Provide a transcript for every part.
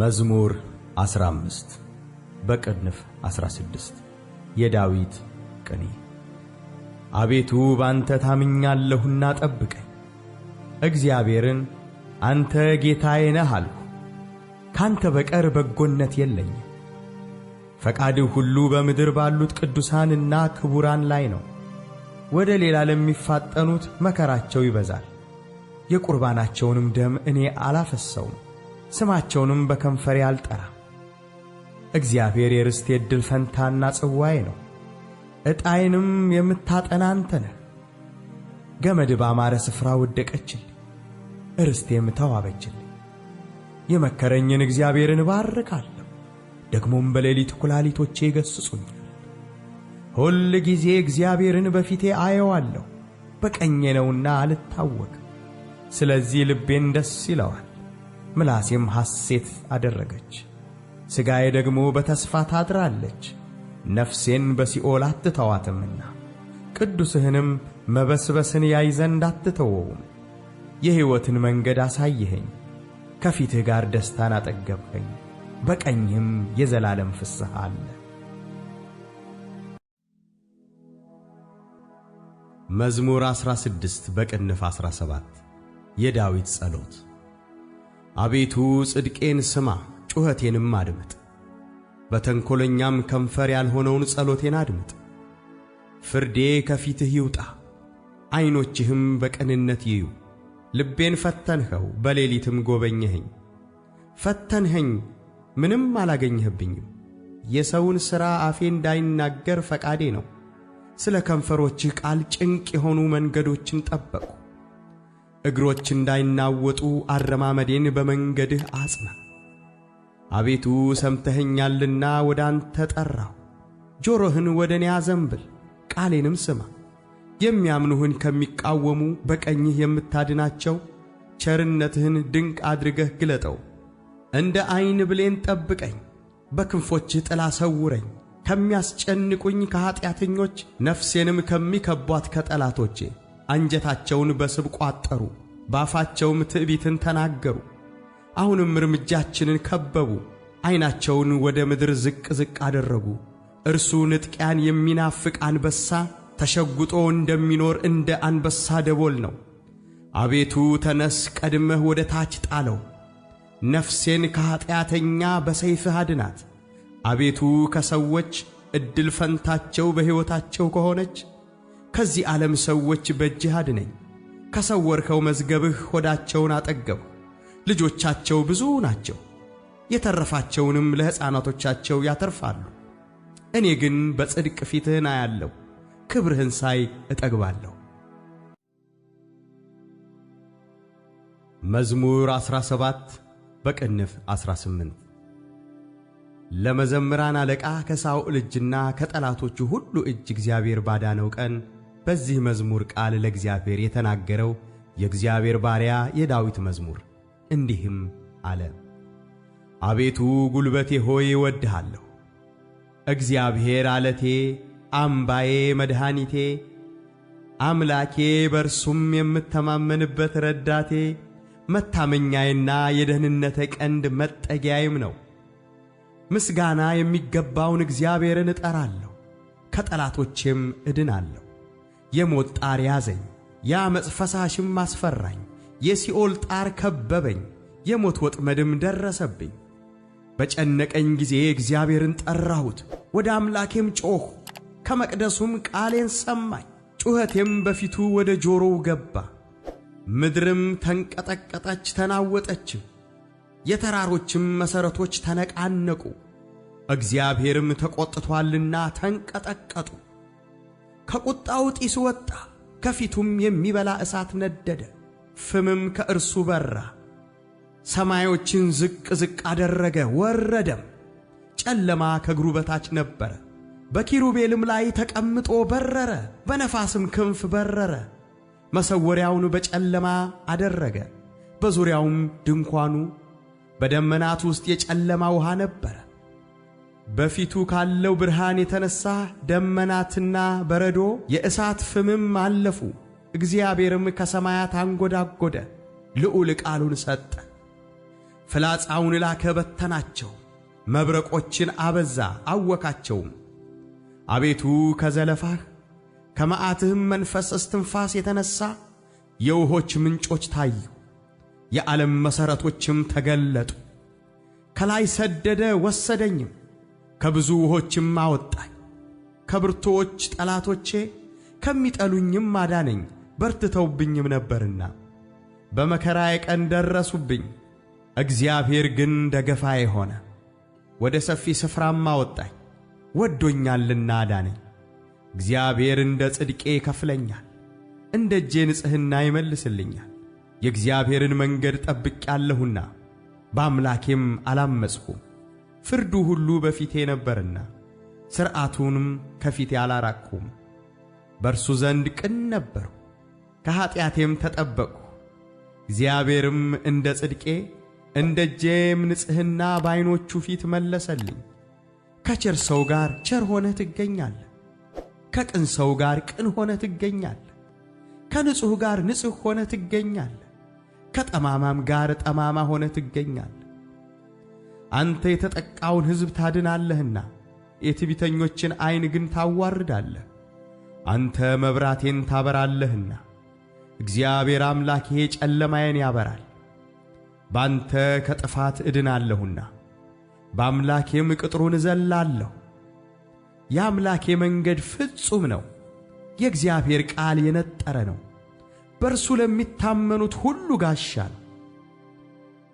መዝሙር 15 በቅንፍ 16 የዳዊት ቅኔ። አቤቱ ባንተ ታምኛለሁና ጠብቀኝ፤ እግዚአብሔርን አንተ ጌታዬ ነህ አልሁ። ካንተ በቀር በጎነት የለኝም። ፈቃድህ ሁሉ በምድር ባሉት ቅዱሳንና ክቡራን ላይ ነው። ወደ ሌላ ለሚፋጠኑት መከራቸው ይበዛል፤ የቁርባናቸውንም ደም እኔ አላፈሰውም። ስማቸውንም በከንፈሬ አልጠራም። እግዚአብሔር የርስቴ ዕድል ፈንታና ጽዋዬ ነው፤ ዕጣዬንም የምታጠና አንተ ነህ። ገመድ ባማረ ስፍራ ወደቀችልኝ፤ ርስቴም ተዋበችልኝ። የመከረኝን እግዚአብሔርን እባርካለሁ፤ ደግሞም በሌሊት ኩላሊቶቼ ይገሥጹኛል። ሁል ጊዜ እግዚአብሔርን በፊቴ አየዋለሁ፤ በቀኜ ነውና አልታወክም። ስለዚህ ልቤን ደስ ይለዋል ምላሴም ሐሴት አደረገች። ሥጋዬ ደግሞ በተስፋ ታድራለች፣ ነፍሴን በሲኦል አትተዋትምና ቅዱስህንም መበስበስን ያይ ዘንድ አትተወውም። የሕይወትን መንገድ አሳየኸኝ፣ ከፊትህ ጋር ደስታን አጠገብኸኝ፣ በቀኝህም የዘላለም ፍስሐ አለ። መዝሙር 16 በቅንፍ 17 የዳዊት ጸሎት አቤቱ ጽድቄን ስማ፣ ጩኸቴንም አድምጥ፤ በተንኰለኛም ከንፈር ያልሆነውን ጸሎቴን አድምጥ። ፍርዴ ከፊትህ ይውጣ፣ ዐይኖችህም በቅንነት ይዩ። ልቤን ፈተንኸው፣ በሌሊትም ጐበኘኸኝ። ፈተንኸኝ፣ ምንም አላገኘህብኝም። የሰውን ሥራ አፌ እንዳይናገር ፈቃዴ ነው። ስለ ከንፈሮችህ ቃል ጭንቅ የሆኑ መንገዶችን ጠበቁ እግሮች እንዳይናወጡ አረማመዴን በመንገድህ አጽና። አቤቱ ሰምተኸኛልና ወደ አንተ ጠራሁ። ጆሮህን ወደ እኔ አዘንብል፣ ቃሌንም ስማ። የሚያምኑህን ከሚቃወሙ በቀኝህ የምታድናቸው ቸርነትህን ድንቅ አድርገህ ግለጠው። እንደ ዐይን ብሌን ጠብቀኝ፣ በክንፎችህ ጥላ ሰውረኝ። ከሚያስጨንቁኝ ከኀጢአተኞች፣ ነፍሴንም ከሚከቧት ከጠላቶቼ። አንጀታቸውን በስብ ቋጠሩ፣ በአፋቸውም ትዕቢትን ተናገሩ። አሁንም እርምጃችንን ከበቡ፣ ዐይናቸውን ወደ ምድር ዝቅ ዝቅ አደረጉ። እርሱ ንጥቂያን የሚናፍቅ አንበሳ ተሸጉጦ እንደሚኖር እንደ አንበሳ ደቦል ነው። አቤቱ ተነስ፣ ቀድመህ ወደ ታች ጣለው፤ ነፍሴን ከኀጢአተኛ በሰይፍህ አድናት። አቤቱ ከሰዎች ዕድል ፈንታቸው በሕይወታቸው ከሆነች ከዚህ ዓለም ሰዎች በእጅህ አድነኝ። ከሰወርከው መዝገብህ ሆዳቸውን አጠገብህ። ልጆቻቸው ብዙ ናቸው፣ የተረፋቸውንም ለሕፃናቶቻቸው ያተርፋሉ። እኔ ግን በጽድቅ ፊትህን አያለሁ፣ ክብርህን ሳይ እጠግባለሁ። መዝሙር 17 በቅንፍ 18 ለመዘምራን አለቃ ከሳኦል እጅና ከጠላቶቹ ሁሉ እጅ እግዚአብሔር ባዳነው ቀን በዚህ መዝሙር ቃል ለእግዚአብሔር የተናገረው የእግዚአብሔር ባሪያ የዳዊት መዝሙር እንዲህም አለ። አቤቱ ጉልበቴ ሆይ እወድሃለሁ። እግዚአብሔር አለቴ፣ አምባዬ፣ መድኃኒቴ፣ አምላኬ በርሱም የምተማመንበት ረዳቴ፣ መታመኛዬና የደህንነተ ቀንድ መጠጊያዬም ነው። ምስጋና የሚገባውን እግዚአብሔርን እጠራለሁ፣ ከጠላቶቼም እድናለሁ። የሞት ጣር ያዘኝ፣ የዓመፅ ፈሳሽም አስፈራኝ። የሲኦል ጣር ከበበኝ፣ የሞት ወጥመድም ደረሰብኝ። በጨነቀኝ ጊዜ እግዚአብሔርን ጠራሁት፣ ወደ አምላኬም ጮኽሁ። ከመቅደሱም ቃሌን ሰማኝ፣ ጩኸቴም በፊቱ ወደ ጆሮው ገባ። ምድርም ተንቀጠቀጠች ተናወጠችም፣ የተራሮችም መሠረቶች ተነቃነቁ። እግዚአብሔርም ተቈጥቶአልና ተንቀጠቀጡ። ከቁጣው ጢስ ወጣ፣ ከፊቱም የሚበላ እሳት ነደደ፣ ፍምም ከእርሱ በራ። ሰማዮችን ዝቅ ዝቅ አደረገ ወረደም፣ ጨለማ ከእግሩ በታች ነበረ። በኪሩቤልም ላይ ተቀምጦ በረረ፣ በነፋስም ክንፍ በረረ። መሰወሪያውን በጨለማ አደረገ፣ በዙሪያውም ድንኳኑ በደመናት ውስጥ የጨለማ ውሃ ነበረ። በፊቱ ካለው ብርሃን የተነሣ ደመናትና በረዶ የእሳት ፍምም አለፉ። እግዚአብሔርም ከሰማያት አንጎዳጎደ፣ ልዑል ቃሉን ሰጠ። ፍላጻውን ላከ፣ በተናቸው፣ መብረቆችን አበዛ፣ አወካቸውም። አቤቱ ከዘለፋህ ከመዓትህም መንፈስ እስትንፋስ የተነሣ የውሆች ምንጮች ታዩ፣ የዓለም መሠረቶችም ተገለጡ። ከላይ ሰደደ ወሰደኝም ከብዙ ውሆችም አወጣኝ። ከብርቱዎች ጠላቶቼ ከሚጠሉኝም አዳነኝ፣ በርትተውብኝም ነበርና። በመከራዬ ቀን ደረሱብኝ፣ እግዚአብሔር ግን ደገፋዬ ሆነ። ወደ ሰፊ ስፍራም አወጣኝ፣ ወዶኛልና አዳነኝ። እግዚአብሔር እንደ ጽድቄ ይከፍለኛል፣ እንደ እጄ ንጽሕና ይመልስልኛል። የእግዚአብሔርን መንገድ ጠብቄአለሁና በአምላኬም አላመጽሁም። ፍርዱ ሁሉ በፊቴ ነበርና ሥርዓቱንም ከፊቴ አላራቅሁም። በእርሱ ዘንድ ቅን ነበርሁ፣ ከኀጢአቴም ተጠበቅሁ። እግዚአብሔርም እንደ ጽድቄ እንደ እጄም ንጽሕና በዐይኖቹ ፊት መለሰልኝ። ከቸር ሰው ጋር ቸር ሆነ ትገኛለህ፣ ከቅን ሰው ጋር ቅን ሆነ ትገኛለ ከንጹሕ ጋር ንጹሕ ሆነ ትገኛለ ከጠማማም ጋር ጠማማ ሆነ ትገኛለ። አንተ የተጠቃውን ሕዝብ ታድናለህና የትቢተኞችን ዐይን ግን ታዋርዳለህ። አንተ መብራቴን ታበራለህና እግዚአብሔር አምላኬ ጨለማዬን ያበራል። ባንተ ከጥፋት እድናለሁና በአምላኬም ቅጥሩን እዘላለሁ። የአምላኬ መንገድ ፍጹም ነው፣ የእግዚአብሔር ቃል የነጠረ ነው። በእርሱ ለሚታመኑት ሁሉ ጋሻ ነው።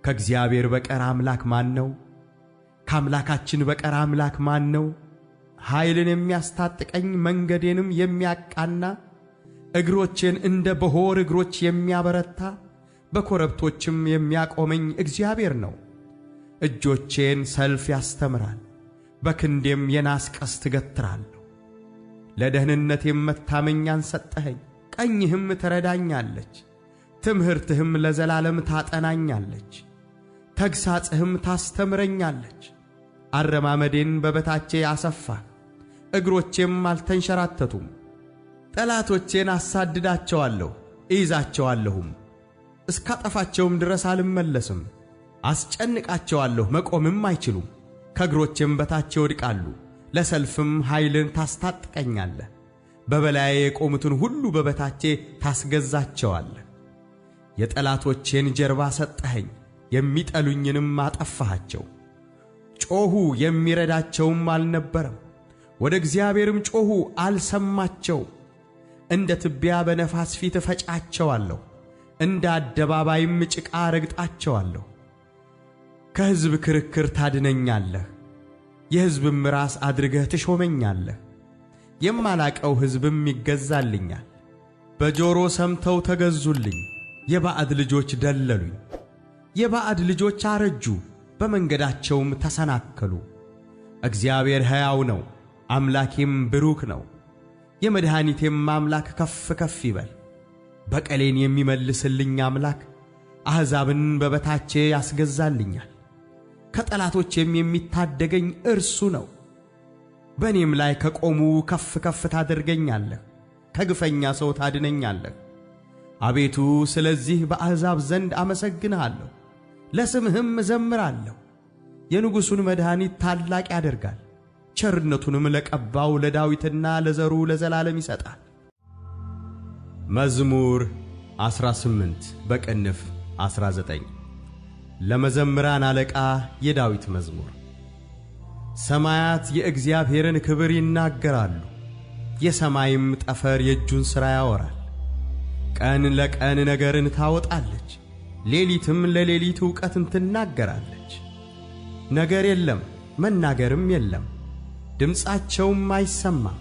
ከእግዚአብሔር በቀር አምላክ ማን ነው? ከአምላካችን በቀር አምላክ ማን ነው? ኃይልን የሚያስታጥቀኝ መንገዴንም የሚያቃና እግሮቼን እንደ በሆር እግሮች የሚያበረታ በኮረብቶችም የሚያቆመኝ እግዚአብሔር ነው። እጆቼን ሰልፍ ያስተምራል፣ በክንዴም የናስ ቀስት እገትራለሁ። ለደህንነቴም መታመኛን ሰጠኸኝ፣ ቀኝህም ትረዳኛለች፣ ትምህርትህም ለዘላለም ታጠናኛለች። ተግሣጽህም ታስተምረኛለች። አረማመዴን በበታቼ አሰፋ፣ እግሮቼም አልተንሸራተቱም። ጠላቶቼን አሳድዳቸዋለሁ እይዛቸዋለሁም፣ እስካጠፋቸውም ድረስ አልመለስም። አስጨንቃቸዋለሁ መቆምም አይችሉም። ከእግሮቼም በታች ይወድቃሉ። ለሰልፍም ኃይልን ታስታጥቀኛለህ። በበላዬ የቆሙትን ሁሉ በበታቼ ታስገዛቸዋለህ። የጠላቶቼን ጀርባ ሰጠኸኝ የሚጠሉኝንም አጠፋሃቸው። ጮኹ፣ የሚረዳቸውም አልነበረም፤ ወደ እግዚአብሔርም ጮኹ፣ አልሰማቸውም። እንደ ትቢያ በነፋስ ፊት እፈጫቸዋለሁ፣ እንደ አደባባይም ጭቃ ረግጣቸዋለሁ። ከሕዝብ ክርክር ታድነኛለህ፣ የሕዝብም ራስ አድርገህ ትሾመኛለህ። የማላቀው ሕዝብም ይገዛልኛል። በጆሮ ሰምተው ተገዙልኝ፣ የባዕድ ልጆች ደለሉኝ። የባዕድ ልጆች አረጁ፣ በመንገዳቸውም ተሰናከሉ። እግዚአብሔር ሕያው ነው፣ አምላኬም ብሩክ ነው። የመድኃኒቴም አምላክ ከፍ ከፍ ይበል። በቀሌን የሚመልስልኝ አምላክ አሕዛብን በበታቼ ያስገዛልኛል። ከጠላቶቼም የሚታደገኝ እርሱ ነው። በእኔም ላይ ከቆሙ ከፍ ከፍ ታደርገኛለህ፣ ከግፈኛ ሰው ታድነኛለህ። አቤቱ ስለዚህ በአሕዛብ ዘንድ አመሰግንሃለሁ። ለስምህም እዘምራለሁ። የንጉሡን መድኃኒት ታላቅ ያደርጋል፣ ቸርነቱንም ለቀባው ለዳዊትና ለዘሩ ለዘላለም ይሰጣል። መዝሙር 18 በቅንፍ 19 ለመዘምራን አለቃ የዳዊት መዝሙር። ሰማያት የእግዚአብሔርን ክብር ይናገራሉ፣ የሰማይም ጠፈር የእጁን ሥራ ያወራል። ቀን ለቀን ነገርን ታወጣለች ሌሊትም ለሌሊት እውቀትን ትናገራለች። ነገር የለም መናገርም የለም፣ ድምፃቸውም አይሰማም።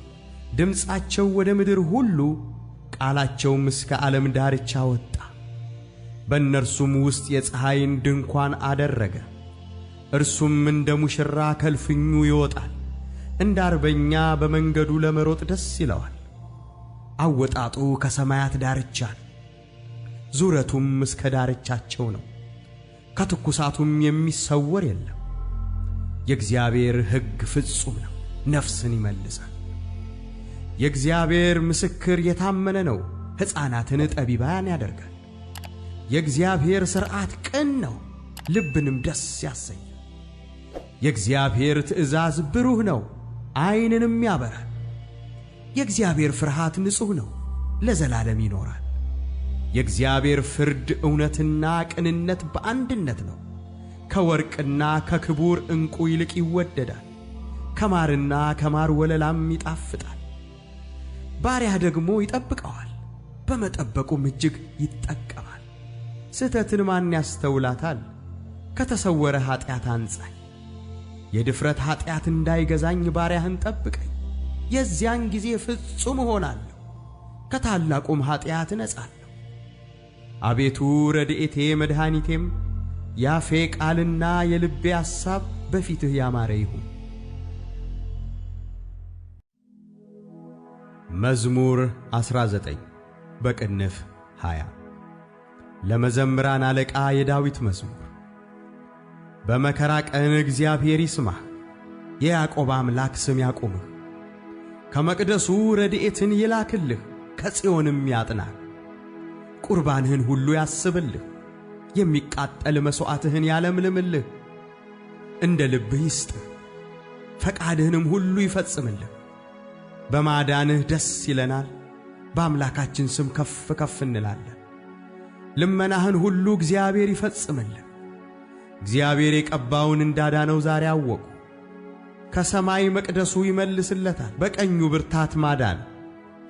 ድምፃቸው ወደ ምድር ሁሉ ቃላቸውም እስከ ዓለም ዳርቻ ወጣ። በእነርሱም ውስጥ የፀሐይን ድንኳን አደረገ። እርሱም እንደ ሙሽራ ከልፍኙ ይወጣል፣ እንደ አርበኛ በመንገዱ ለመሮጥ ደስ ይለዋል። አወጣጡ ከሰማያት ዳርቻ ነው። ዙረቱም እስከ ዳርቻቸው ነው። ከትኩሳቱም የሚሰወር የለም። የእግዚአብሔር ሕግ ፍጹም ነው፣ ነፍስን ይመልሳል። የእግዚአብሔር ምስክር የታመነ ነው፣ ሕፃናትን ጠቢባን ያደርጋል። የእግዚአብሔር ሥርዓት ቅን ነው፣ ልብንም ደስ ያሰኛል። የእግዚአብሔር ትእዛዝ ብሩህ ነው፣ ዐይንንም ያበራል። የእግዚአብሔር ፍርሃት ንጹሕ ነው፣ ለዘላለም ይኖራል። የእግዚአብሔር ፍርድ እውነትና ቅንነት በአንድነት ነው። ከወርቅና ከክቡር ዕንቁ ይልቅ ይወደዳል፣ ከማርና ከማር ወለላም ይጣፍጣል። ባሪያ ደግሞ ይጠብቀዋል፣ በመጠበቁም እጅግ ይጠቀማል። ስህተትን ማን ያስተውላታል? ከተሰወረ ኀጢአት አንጻኝ። የድፍረት ኀጢአት እንዳይገዛኝ ባሪያህን ጠብቀኝ። የዚያን ጊዜ ፍጹም እሆናለሁ፣ ከታላቁም ኀጢአት እነጻለሁ። አቤቱ ረድኤቴ መድኃኒቴም ያፌ ቃልና የልቤ ሐሳብ በፊትህ ያማረ ይሁን። መዝሙር 19 በቅንፍ 20 ለመዘምራን አለቃ የዳዊት መዝሙር። በመከራ ቀን እግዚአብሔር ይስማህ፣ የያዕቆብ አምላክ ስም ያቁምህ። ከመቅደሱ ረድኤትን ይላክልህ፣ ከጽዮንም ያጥናህ። ቁርባንህን ሁሉ ያስብልህ፣ የሚቃጠል መሥዋዕትህን ያለምልምልህ። እንደ ልብህ ይስጥህ፣ ፈቃድህንም ሁሉ ይፈጽምልህ። በማዳንህ ደስ ይለናል፣ በአምላካችን ስም ከፍ ከፍ እንላለን። ልመናህን ሁሉ እግዚአብሔር ይፈጽምልህ። እግዚአብሔር የቀባውን እንዳዳነው ዛሬ አወቁ። ከሰማይ መቅደሱ ይመልስለታል፣ በቀኙ ብርታት ማዳን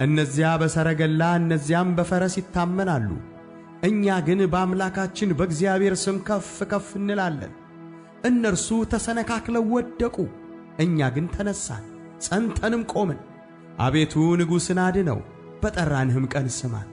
እነዚያ በሰረገላ እነዚያም በፈረስ ይታመናሉ፤ እኛ ግን በአምላካችን በእግዚአብሔር ስም ከፍ ከፍ እንላለን። እነርሱ ተሰነካክለው ወደቁ፤ እኛ ግን ተነሳን፣ ጸንተንም ቆምን። አቤቱ ንጉሥን አድነው፣ በጠራንህም ቀን ስማን።